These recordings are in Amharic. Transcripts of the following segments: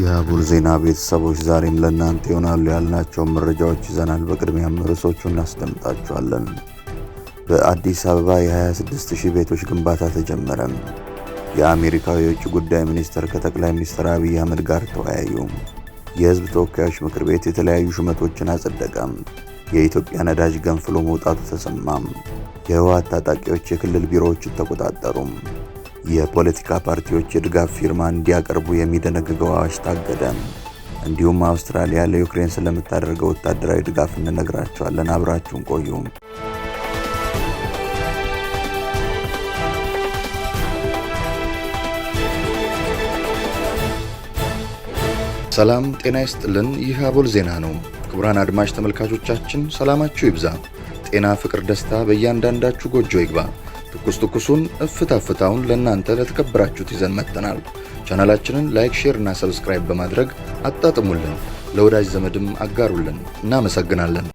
የአቦል ዜና ቤተሰቦች ዛሬም ለእናንተ ይሆናሉ ያልናቸውን መረጃዎች ይዘናል። በቅድሚያም ርዕሶቹ እናስደምጣቸዋለን። በአዲስ አበባ የ26000 ቤቶች ግንባታ ተጀመረ። የአሜሪካው የውጭ ጉዳይ ሚኒስትር ከጠቅላይ ሚኒስትር አብይ አህመድ ጋር ተወያዩ። የህዝብ ተወካዮች ምክር ቤት የተለያዩ ሹመቶችን አጸደቀም። የኢትዮጵያ ነዳጅ ገንፍሎ መውጣቱ ተሰማም። የህወሓት ታጣቂዎች የክልል ቢሮዎችን ተቆጣጠሩም። የፖለቲካ ፓርቲዎች የድጋፍ ፊርማ እንዲያቀርቡ የሚደነግገው አዋጅ ታገደ። እንዲሁም አውስትራሊያ ለዩክሬን ስለምታደርገው ወታደራዊ ድጋፍ እንነግራቸዋለን። አብራችሁን ቆዩ። ሰላም ጤና ይስጥልን። ይህ አቦል ዜና ነው። ክቡራን አድማጭ ተመልካቾቻችን ሰላማችሁ ይብዛ፣ ጤና፣ ፍቅር፣ ደስታ በእያንዳንዳችሁ ጎጆ ይግባ። ትኩስ ትኩሱን እፍታ ፍታውን ለእናንተ ለተከበራችሁት ይዘን መጥተናል። ቻናላችንን ላይክ፣ ሼር እና ሰብስክራይብ በማድረግ አጣጥሙልን፣ ለወዳጅ ዘመድም አጋሩልን። እናመሰግናለን።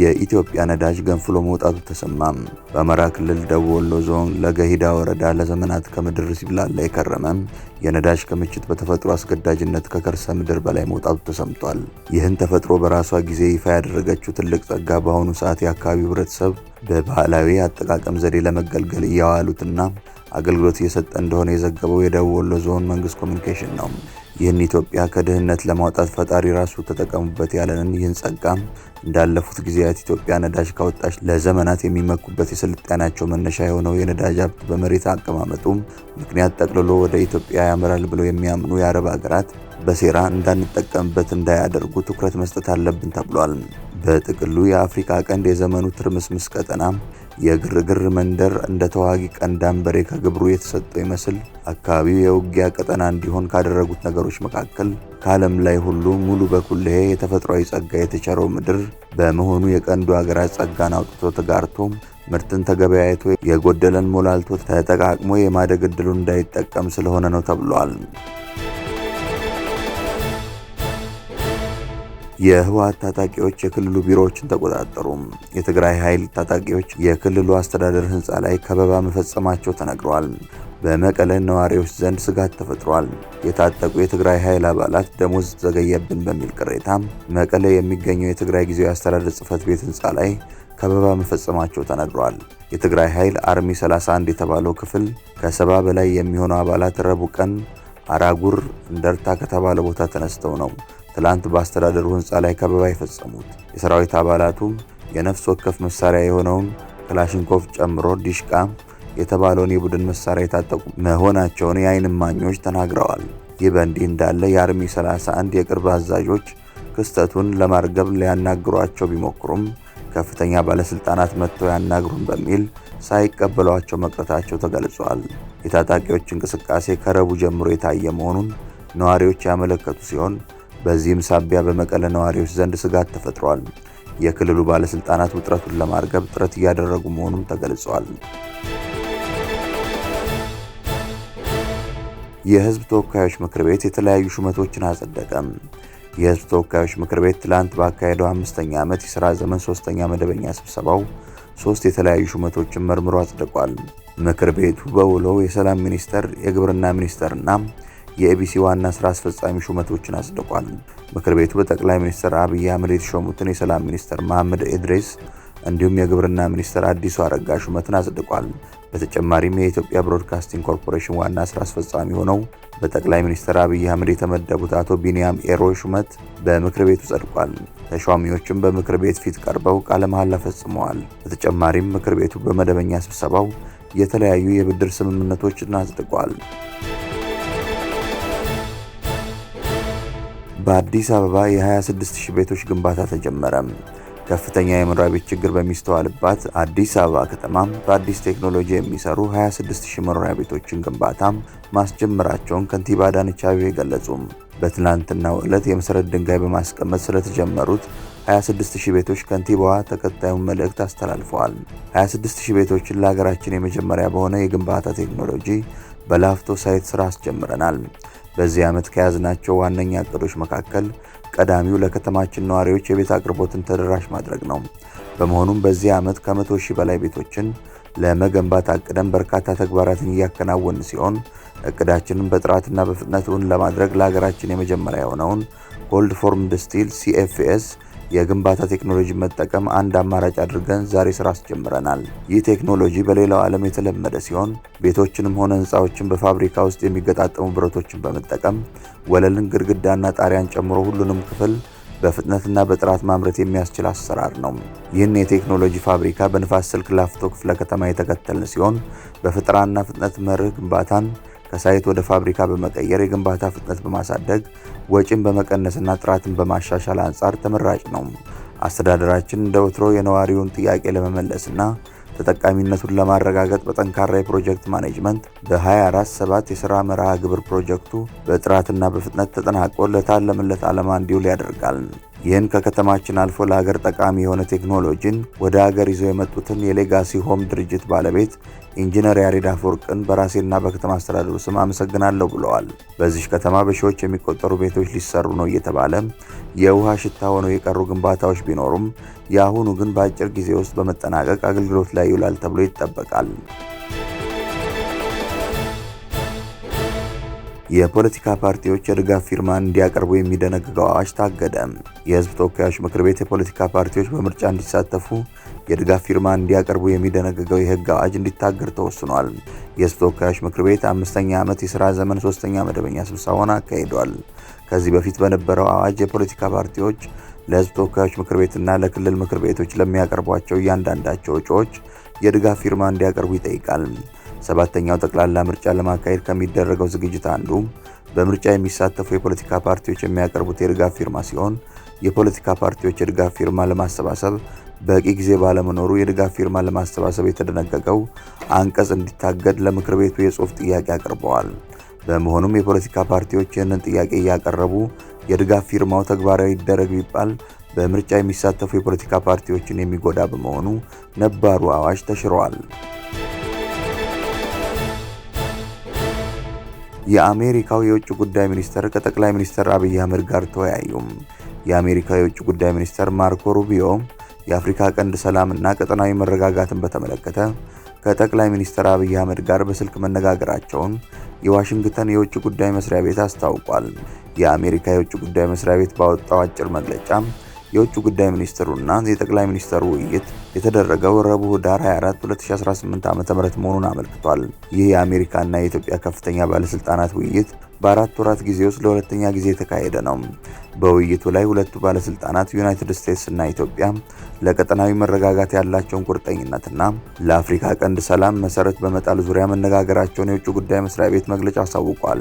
የኢትዮጵያ ነዳጅ ገንፍሎ መውጣቱ ተሰማም። በአማራ ክልል ደቡብ ወሎ ዞን ለገሂዳ ወረዳ ለዘመናት ከምድር ሲብላላ የከረመ የነዳጅ ክምችት በተፈጥሮ አስገዳጅነት ከከርሰ ምድር በላይ መውጣቱ ተሰምቷል። ይህን ተፈጥሮ በራሷ ጊዜ ይፋ ያደረገችው ትልቅ ጸጋ በአሁኑ ሰዓት የአካባቢው ህብረተሰብ በባህላዊ አጠቃቀም ዘዴ ለመገልገል እያዋሉትና አገልግሎት እየሰጠ እንደሆነ የዘገበው የደቡብ ወሎ ዞን መንግስት ኮሚኒኬሽን ነው። ይህን ኢትዮጵያ ከድህነት ለማውጣት ፈጣሪ ራሱ ተጠቀሙበት ያለንን ይህን ጸጋ እንዳለፉት ጊዜያት ኢትዮጵያ ነዳጅ ካወጣች ለዘመናት የሚመኩበት የስልጣናቸው መነሻ የሆነው የነዳጅ ሀብት በመሬት አቀማመጡ ምክንያት ጠቅልሎ ወደ ኢትዮጵያ ያመራል ብለው የሚያምኑ የአረብ ሀገራት በሴራ እንዳንጠቀምበት እንዳያደርጉ ትኩረት መስጠት አለብን ተብሏል። በጥቅሉ የአፍሪካ ቀንድ የዘመኑ ትርምስምስ ቀጠና የግርግር መንደር እንደ ተዋጊ በሬ ከግብሩ የተሰጠው ይመስል አካባቢው የውጊያ ቀጠና እንዲሆን ካደረጉት ነገሮች መካከል ከዓለም ላይ ሁሉ ሙሉ በኩልሄ የተፈጥሯዊ ጸጋ የተቸረው ምድር በመሆኑ የቀንዱ ሀገራት ጸጋን አውጥቶ ተጋርቶ ምርትን ተገበያይቶ የጎደለን ሞላልቶ ተጠቃቅሞ የማደግ ዕድሉን እንዳይጠቀም ስለሆነ ነው ተብሏል። የህወሀት ታጣቂዎች የክልሉ ቢሮዎችን ተቆጣጠሩ። የትግራይ ኃይል ታጣቂዎች የክልሉ አስተዳደር ህንፃ ላይ ከበባ መፈጸማቸው ተነግረዋል። በመቀለ ነዋሪዎች ዘንድ ስጋት ተፈጥሯል። የታጠቁ የትግራይ ኃይል አባላት ደሞዝ ዘገየብን በሚል ቅሬታ መቀለ የሚገኘው የትግራይ ጊዜያዊ አስተዳደር ጽህፈት ቤት ህንፃ ላይ ከበባ መፈጸማቸው ተነግሯል። የትግራይ ኃይል አርሚ 31 የተባለው ክፍል ከሰባ በላይ የሚሆኑ አባላት ረቡዕ ቀን አራጉር እንደርታ ከተባለ ቦታ ተነስተው ነው ትላንት በአስተዳደሩ ህንፃ ላይ ከበባ የፈጸሙት። የሰራዊት አባላቱም የነፍስ ወከፍ መሳሪያ የሆነውን ክላሽንኮቭ ጨምሮ ዲሽቃ የተባለውን የቡድን መሳሪያ የታጠቁ መሆናቸውን የአይን እማኞች ተናግረዋል። ይህ በእንዲህ እንዳለ የአርሚ 31 የቅርብ አዛዦች ክስተቱን ለማርገብ ሊያናግሯቸው ቢሞክሩም ከፍተኛ ባለስልጣናት መጥተው ያናግሩን በሚል ሳይቀበሏቸው መቅረታቸው ተገልጿል። የታጣቂዎች እንቅስቃሴ ከረቡ ጀምሮ የታየ መሆኑን ነዋሪዎች ያመለከቱ ሲሆን በዚህም ሳቢያ በመቀለ ነዋሪዎች ዘንድ ስጋት ተፈጥሯል። የክልሉ ባለስልጣናት ውጥረቱን ለማርገብ ጥረት እያደረጉ መሆኑም ተገልጿል። የህዝብ ተወካዮች ምክር ቤት የተለያዩ ሹመቶችን አጸደቀም። የህዝብ ተወካዮች ምክር ቤት ትላንት ባካሄደው አምስተኛ ዓመት የሥራ ዘመን ሶስተኛ መደበኛ ስብሰባው ሶስት የተለያዩ ሹመቶችን መርምሮ አጽድቋል። ምክር ቤቱ በውሎው የሰላም ሚኒስተር፣ የግብርና ሚኒስተርና የኤቢሲ ዋና ስራ አስፈጻሚ ሹመቶችን አጽድቋል። ምክር ቤቱ በጠቅላይ ሚኒስትር አብይ አህመድ የተሾሙትን የሰላም ሚኒስትር መሐመድ ኢድሪስ እንዲሁም የግብርና ሚኒስትር አዲሱ አረጋ ሹመትን አጽድቋል። በተጨማሪም የኢትዮጵያ ብሮድካስቲንግ ኮርፖሬሽን ዋና ስራ አስፈጻሚ ሆነው በጠቅላይ ሚኒስትር አብይ አህመድ የተመደቡት አቶ ቢንያም ኤሮ ሹመት በምክር ቤቱ ጸድቋል። ተሿሚዎችም በምክር ቤት ፊት ቀርበው ቃለ መሐላ ፈጽመዋል። በተጨማሪም ምክር ቤቱ በመደበኛ ስብሰባው የተለያዩ የብድር ስምምነቶችን አጽድቋል። በአዲስ አበባ የ26000 ቤቶች ግንባታ ተጀመረ። ከፍተኛ የመኖሪያ ቤት ችግር በሚስተዋልባት አዲስ አበባ ከተማ በአዲስ ቴክኖሎጂ የሚሰሩ 26000 መኖሪያ ቤቶችን ግንባታ ማስጀመራቸውን ከንቲባ አዳነች አቤቤ ገለጹ። በትናንትናው ዕለት የመሰረት ድንጋይ በማስቀመጥ ስለተጀመሩት 26000 ቤቶች ከንቲባዋ ተከታዩን መልእክት አስተላልፈዋል። 26000 ቤቶችን ለሀገራችን የመጀመሪያ በሆነ የግንባታ ቴክኖሎጂ በላፍቶ ሳይት ስራ አስጀምረናል። በዚህ ዓመት ከያዝናቸው ዋነኛ እቅዶች መካከል ቀዳሚው ለከተማችን ነዋሪዎች የቤት አቅርቦትን ተደራሽ ማድረግ ነው። በመሆኑም በዚህ ዓመት ከመቶ ሺህ በላይ ቤቶችን ለመገንባት አቅደን በርካታ ተግባራትን እያከናወን ሲሆን እቅዳችንን በጥራትና በፍጥነት እውን ለማድረግ ለሀገራችን የመጀመሪያ የሆነውን ኮልድ ፎርምድ ስቲል ሲኤፍኤስ የግንባታ ቴክኖሎጂ መጠቀም አንድ አማራጭ አድርገን ዛሬ ስራ አስጀምረናል። ይህ ቴክኖሎጂ በሌላው ዓለም የተለመደ ሲሆን ቤቶችንም ሆነ ህንፃዎችን በፋብሪካ ውስጥ የሚገጣጠሙ ብረቶችን በመጠቀም ወለልን፣ ግድግዳና ጣሪያን ጨምሮ ሁሉንም ክፍል በፍጥነትና በጥራት ማምረት የሚያስችል አሰራር ነው። ይህን የቴክኖሎጂ ፋብሪካ በንፋስ ስልክ ላፍቶ ክፍለ ከተማ የተከተልን ሲሆን በፈጠራና ፍጥነት መርህ ግንባታን ከሳይት ወደ ፋብሪካ በመቀየር የግንባታ ፍጥነት በማሳደግ ወጪን በመቀነስና ጥራትን በማሻሻል አንጻር ተመራጭ ነው። አስተዳደራችን እንደ ወትሮ የነዋሪውን ጥያቄ ለመመለስና ተጠቃሚነቱን ለማረጋገጥ በጠንካራ የፕሮጀክት ማኔጅመንት በ247 የሥራ መርሃ ግብር ፕሮጀክቱ በጥራትና በፍጥነት ተጠናቆ ለታለምለት ዓላማ እንዲውል ያደርጋል። ይህን ከከተማችን አልፎ ለሀገር ጠቃሚ የሆነ ቴክኖሎጂን ወደ ሀገር ይዞ የመጡትን የሌጋሲ ሆም ድርጅት ባለቤት ኢንጂነር ያሬድ አፈወርቅን በራሴና በከተማ አስተዳደሩ ስም አመሰግናለሁ ብለዋል። በዚህ ከተማ በሺዎች የሚቆጠሩ ቤቶች ሊሰሩ ነው እየተባለ የውሃ ሽታ ሆነው የቀሩ ግንባታዎች ቢኖሩም የአሁኑ ግን በአጭር ጊዜ ውስጥ በመጠናቀቅ አገልግሎት ላይ ይውላል ተብሎ ይጠበቃል። የፖለቲካ ፓርቲዎች የድጋፍ ፊርማ እንዲያቀርቡ የሚደነግገው አዋጅ ታገደ። የህዝብ ተወካዮች ምክር ቤት የፖለቲካ ፓርቲዎች በምርጫ እንዲሳተፉ የድጋፍ ፊርማ እንዲያቀርቡ የሚደነግገው የህግ አዋጅ እንዲታገድ ተወስኗል። የህዝብ ተወካዮች ምክር ቤት አምስተኛ ዓመት የሥራ ዘመን ሶስተኛ መደበኛ ስብሰባውን አካሂዷል። ከዚህ በፊት በነበረው አዋጅ የፖለቲካ ፓርቲዎች ለህዝብ ተወካዮች ምክር ቤትና ለክልል ምክር ቤቶች ለሚያቀርቧቸው እያንዳንዳቸው እጩዎች የድጋፍ ፊርማ እንዲያቀርቡ ይጠይቃል። ሰባተኛው ጠቅላላ ምርጫ ለማካሄድ ከሚደረገው ዝግጅት አንዱ በምርጫ የሚሳተፉ የፖለቲካ ፓርቲዎች የሚያቀርቡት የድጋፍ ፊርማ ሲሆን የፖለቲካ ፓርቲዎች የድጋፍ ፊርማ ለማሰባሰብ በቂ ጊዜ ባለመኖሩ የድጋፍ ፊርማ ለማሰባሰብ የተደነገገው አንቀጽ እንዲታገድ ለምክር ቤቱ የጽሑፍ ጥያቄ አቅርበዋል። በመሆኑም የፖለቲካ ፓርቲዎች ይህንን ጥያቄ እያቀረቡ የድጋፍ ፊርማው ተግባራዊ ይደረግ ቢባል በምርጫ የሚሳተፉ የፖለቲካ ፓርቲዎችን የሚጎዳ በመሆኑ ነባሩ አዋጅ ተሽረዋል። የአሜሪካው የውጭ ጉዳይ ሚኒስተር ከጠቅላይ ሚኒስተር አብይ አህመድ ጋር ተወያዩም። የአሜሪካ የውጭ ጉዳይ ሚኒስትር ማርኮ ሩቢዮ የአፍሪካ ቀንድ ሰላም እና ቀጠናዊ መረጋጋትን በተመለከተ ከጠቅላይ ሚኒስትር አብይ አህመድ ጋር በስልክ መነጋገራቸውን የዋሽንግተን የውጭ ጉዳይ መስሪያ ቤት አስታውቋል። የአሜሪካ የውጭ ጉዳይ መስሪያ ቤት ባወጣው አጭር መግለጫ የውጭ ጉዳይ ሚኒስትሩና የጠቅላይ ሚኒስትሩ ውይይት የተደረገው ረቡዕ ዳር 24 2018 ዓ.ም መሆኑን አመልክቷል። ይህ የአሜሪካና የኢትዮጵያ ከፍተኛ ባለስልጣናት ውይይት በአራት ወራት ጊዜ ውስጥ ለሁለተኛ ጊዜ የተካሄደ ነው። በውይይቱ ላይ ሁለቱ ባለስልጣናት ዩናይትድ ስቴትስ እና ኢትዮጵያ ለቀጠናዊ መረጋጋት ያላቸውን ቁርጠኝነትና ለአፍሪካ ቀንድ ሰላም መሰረት በመጣል ዙሪያ መነጋገራቸውን የውጭ ጉዳይ መስሪያ ቤት መግለጫ አሳውቋል።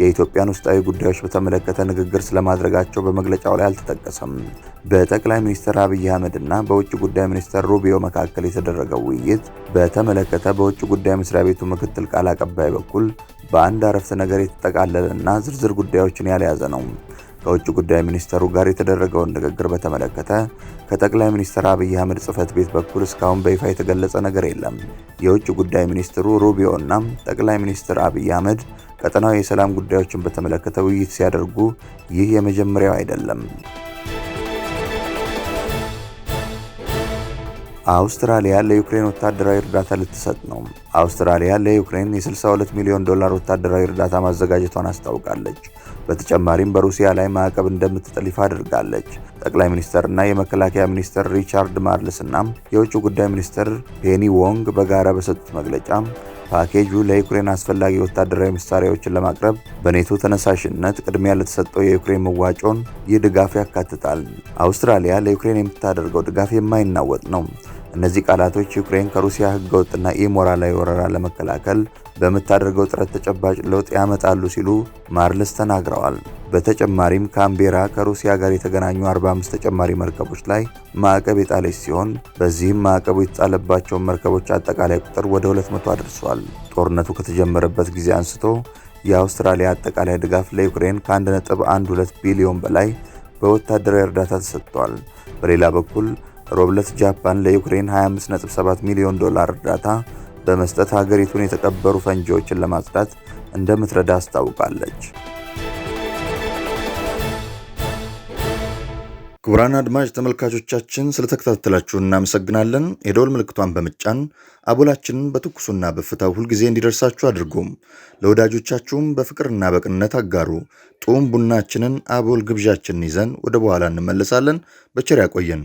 የኢትዮጵያን ውስጣዊ ጉዳዮች በተመለከተ ንግግር ስለማድረጋቸው በመግለጫው ላይ አልተጠቀሰም። በጠቅላይ ሚኒስትር አብይ አህመድ እና በውጭ ጉዳይ ሚኒስትር ሩቢዮ መካከል የተደረገው ውይይት በተመለከተ በውጭ ጉዳይ መስሪያ ቤቱ ምክትል ቃል አቀባይ በኩል በአንድ አረፍተ ነገር የተጠቃለ ያጠቃለለና ዝርዝር ጉዳዮችን ያልያዘ ነው። ከውጭ ጉዳይ ሚኒስተሩ ጋር የተደረገውን ንግግር በተመለከተ ከጠቅላይ ሚኒስትር አብይ አህመድ ጽህፈት ቤት በኩል እስካሁን በይፋ የተገለጸ ነገር የለም። የውጭ ጉዳይ ሚኒስትሩ ሩቢዮ እና ጠቅላይ ሚኒስትር አብይ አህመድ ቀጠናዊ የሰላም ጉዳዮችን በተመለከተ ውይይት ሲያደርጉ ይህ የመጀመሪያው አይደለም። አውስትራሊያ ለዩክሬን ወታደራዊ እርዳታ ልትሰጥ ነው። አውስትራሊያ ለዩክሬን የ62 ሚሊዮን ዶላር ወታደራዊ እርዳታ ማዘጋጀቷን አስታውቃለች። በተጨማሪም በሩሲያ ላይ ማዕቀብ እንደምትጥል ይፋ አድርጋለች። ጠቅላይ ሚኒስተርና የመከላከያ ሚኒስትር ሪቻርድ እና የውጭ ጉዳይ ሚኒስትር ፔኒ ዎንግ በጋራ በሰጡት መግለጫ ፓኬጁ ለዩክሬን አስፈላጊ ወታደራዊ መሳሪያዎችን ለማቅረብ በኔቶ ተነሳሽነት ቅድሚያ ለተሰጠው የዩክሬን መዋጮን ይህ ድጋፍ ያካትታል። አውስትራሊያ ለዩክሬን የምታደርገው ድጋፍ የማይናወጥ ነው። እነዚህ ቃላቶች ዩክሬን ከሩሲያ ህገወጥና ኢሞራላዊ ወረራ ለመከላከል በምታደርገው ጥረት ተጨባጭ ለውጥ ያመጣሉ ሲሉ ማርልስ ተናግረዋል። በተጨማሪም ካምቤራ ከሩሲያ ጋር የተገናኙ 45 ተጨማሪ መርከቦች ላይ ማዕቀብ የጣለች ሲሆን በዚህም ማዕቀቡ የተጣለባቸውን መርከቦች አጠቃላይ ቁጥር ወደ 200 አድርሷል። ጦርነቱ ከተጀመረበት ጊዜ አንስቶ የአውስትራሊያ አጠቃላይ ድጋፍ ለዩክሬን ከ1.12 ቢሊዮን በላይ በወታደራዊ እርዳታ ተሰጥቷል። በሌላ በኩል ሮብለት ጃፓን ለዩክሬን 25.7 ሚሊዮን ዶላር እርዳታ በመስጠት ሀገሪቱን የተቀበሩ ፈንጂዎችን ለማጽዳት እንደምትረዳ አስታውቃለች። ክቡራን አድማጭ ተመልካቾቻችን ስለተከታተላችሁ እናመሰግናለን። የደወል ምልክቷን በምጫን አቦላችንን በትኩሱና በፍታው ሁልጊዜ እንዲደርሳችሁ አድርጉም። ለወዳጆቻችሁም በፍቅርና በቅንነት አጋሩ። ጡም ቡናችንን አቦል ግብዣችንን ይዘን ወደ በኋላ እንመለሳለን። በቸር ያቆየን።